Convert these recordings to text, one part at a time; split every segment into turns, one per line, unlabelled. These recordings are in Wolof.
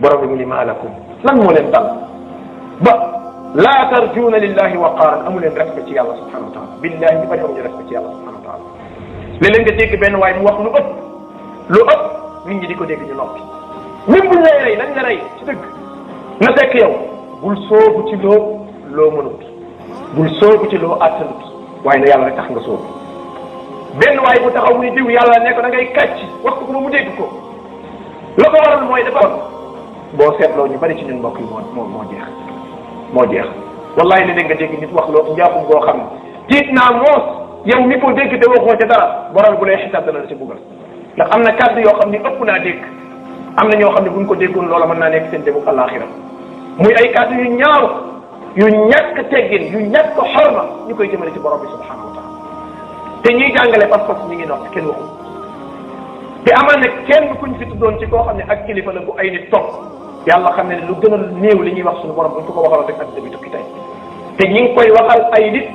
برغم من مالكم لن مولين دال با لا ترجون لله وقارا امولين ركبه تي الله سبحانه وتعالى بالله دي فاجو ني ركبه تي الله سبحانه وتعالى لي لين ديك بن واي مو واخ لو اوب لو اوب نيت ني ديكو ديك ني نوبي ميم بو ني ري نان ري تي دك ما ديك يو بول سوغو تي لو لو منوت بول سوغو تي لو اتلوت واي نا يالا رك تخ نغ سوغو بن واي بو تاخاو ني ديو يالا نيكو داغي كاتشي واخ كو مو ديكو لو كو وارال موي دا boo seetloo ñu bari ci ñun mbokk yi moo moo moo jeex moo jeex wallahi li nga dégg nit wax loo njaaxum boo xam jiit naa moos yow mi ko dégg te waxoo ca dara borom bu lay xisaab dana la ci buggal ndax am na kàddu yoo xam ni ëpp naa dégg am na ñoo xam ne buñ ko déggoon loola mën naa nekk de déggu àllaaxira muy ay kàddu yu ñaaw yu ñàkk teggin yu ñàkk xorma ñu koy jëmale ci borom bi subhanahu wa taala te ñuy jàngale pas-pas ñi ngi noppi kenn waxu te amal na kenn kuñ fi tuddoon ci koo xam ne ak kilifa la bu ay nit yàlla xam ne lu gën a néew li ñuy wax suñu borom bu ñu ko ko waxaloon rek ak dëgg te ñi ngi koy waxal ay nit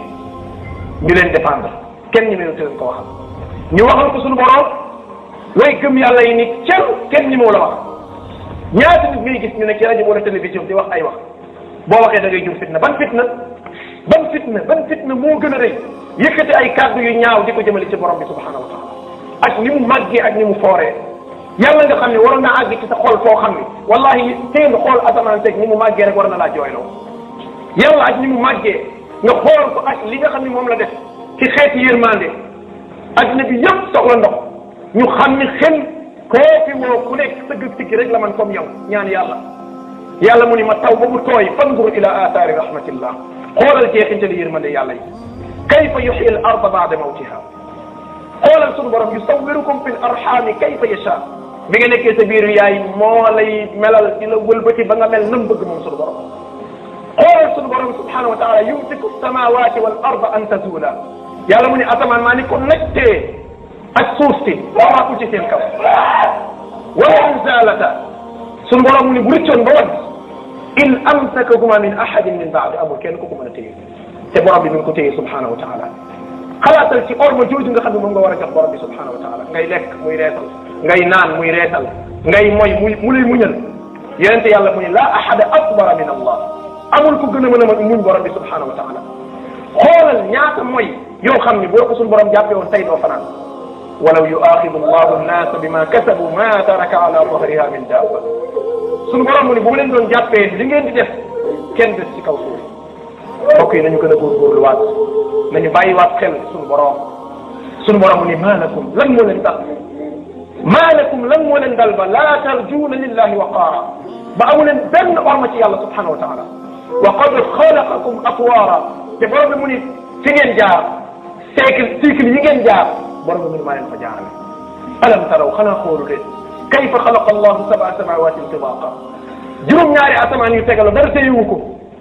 ñu leen défendre kenn ñu leen leen ko ñu waxal ko suñu borom way gëm yàlla yi ni kenn kenn ñi moo la wax ñaata gis ñu ne ci rajo wala télévision di wax ay wax boo waxee da ngay jur fitna ban fitna ban fitna ban fitna moo gën a rëy yëkkati ay kàddu yu ñaaw di jëmale ci borom bi subhanahu wa taala ak ni mu màggee ak ni mu fooree yàlla nga xam ne waroon naa àgg ci sa xol foo xam ne wallahi seen xool asamaan teg ni mu màggee rek war na laa jooyloo yàlla ak ni mu màggee nga xool ko ak li nga xam ne moom la def ci xeeti yërmande adduna bi yëpp soxla ndox ñu xam ni xel koo fi woo ku nekk sëgg sikki rek la man comme yow ñaan yàlla yàlla mu ni ma taw ba mu tooy fandur ila aathaari rahmatillah xoolal jeexintali yërmande yàlla yi kayfa yuxyi al arda baada mawtiha xoolal sunu borom yusawirukum fi l arxaami kayfa yashaa bi nga nekkee sa biiru yaay moo lay melal di la wëlbati ba nga mel nam bëgg moom suñu borom xoolal suñu borom subhanahu wa taala yumsiku samawati wal arda an tazula yàlla mu ne asamaan maa ni ko nettee ak suuf si waraatu ci seen kaw wala zalata suñu borom mu ne bu rëccoon ba wàll in amsakahuma min ahadin min baadi amul kenn ku ko mën a téye te borom bi mi ngi ko téye subhanahu wa taala xalaatal ci or ma jooju nga xam ne moom nga war a jox borom bi subhanahu wa taala ngay lekk muy reesal ngay naan muy reetal ngay moy muy mu lay muñal yenente yàlla mu ne la ahada akbara min allah amul ko gën a mën a muñ borom bi subhanahu wa taala xoolal ñaata moy yoo xam ni boo ko suñ borom jàppee woon tey doo fanaan walaw yuaxidu allahu annaasa bima kasabu ma taraka ala dahriha min daaba suñu borom mu ne bu mu leen doon jàppee li ngeen di def kenn des ci kaw suuf mbokk yi nañu gën a góorgóorluwaat nañu bàyyiwaat xel suñu borom suñu borom mu ne maanakum lan moo leen tax maalakum lan moo leen dal ba laa tarjuuna lillahi waqaara ba amu leen benn orma ci yàlla subhanahu wa taala wa qad xalaqakum atwaara te borom bi mu ni fi ngeen jaar cycle cycle yi ngeen jaar borom bi mu ni maa leen fa jaarale alam taraw xanaa xoolu leen kayfa xalaqa allahu sabaa samaawatin tibaaqa juróom-ñaari asamaan yu tegaloo dara teyewu ko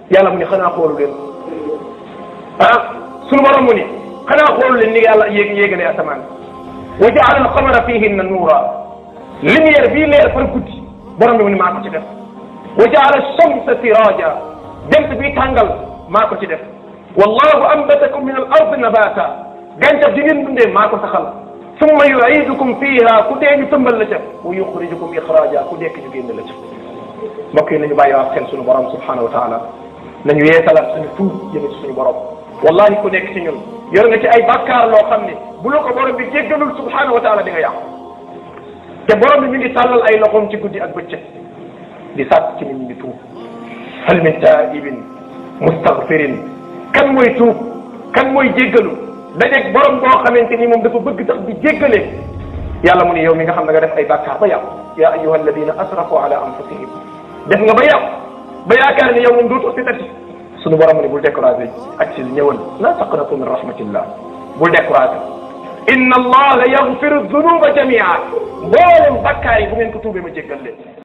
yàlla mu ni xanaa xoolu leen ah sunu borom mu ni xanaa xoolu leen ni yàlla yéeg yéegalee asamaan وجعل القمر فيهن نورا لم يربي لي الفركوت برم من ما كنت وجعل الشمس سراجا دمت في تانغل ما كنت تدف والله أنبتكم من الأرض نباتا جنت جنين من ما كنت تخل ثم يعيدكم فيها كدين ثم اللجف ويخرجكم إخراجا كدين جنين اللجف مكين لن يبايا أخير سنو برام سبحانه وتعالى لن يتلف سنفو جنين سنو برام والله كدين سنو yor nga ci ay bakkaar loo xam ne bu ko borom bi jéggalul subhanahu wa taala di nga yàqu te borom bi mi ngi tàllal ay loxoom ci guddi ak bëccëg di sàkk ci nit ñi tuub hal min taibin mustaghfirin kan mooy tuub kan mooy jéggalu dajeeg borom boo xamante ni moom dafa bëgg sax di jéggalee yàlla mu ne yow mi nga xam ne nga def ay bakkaar ba yàqu ya ayyuha alladina asrafu ala anfusihim def nga ba yàqu ba yaakaar ne yow moom dootoo si sunu borom ni bul décourager ak ci ñëwal la taqnatu min rahmatillah bul décourager inna allah yaghfiru dhunuba jami'a bolem bakkar yi bu ngeen ko tuubee ma jéggal leen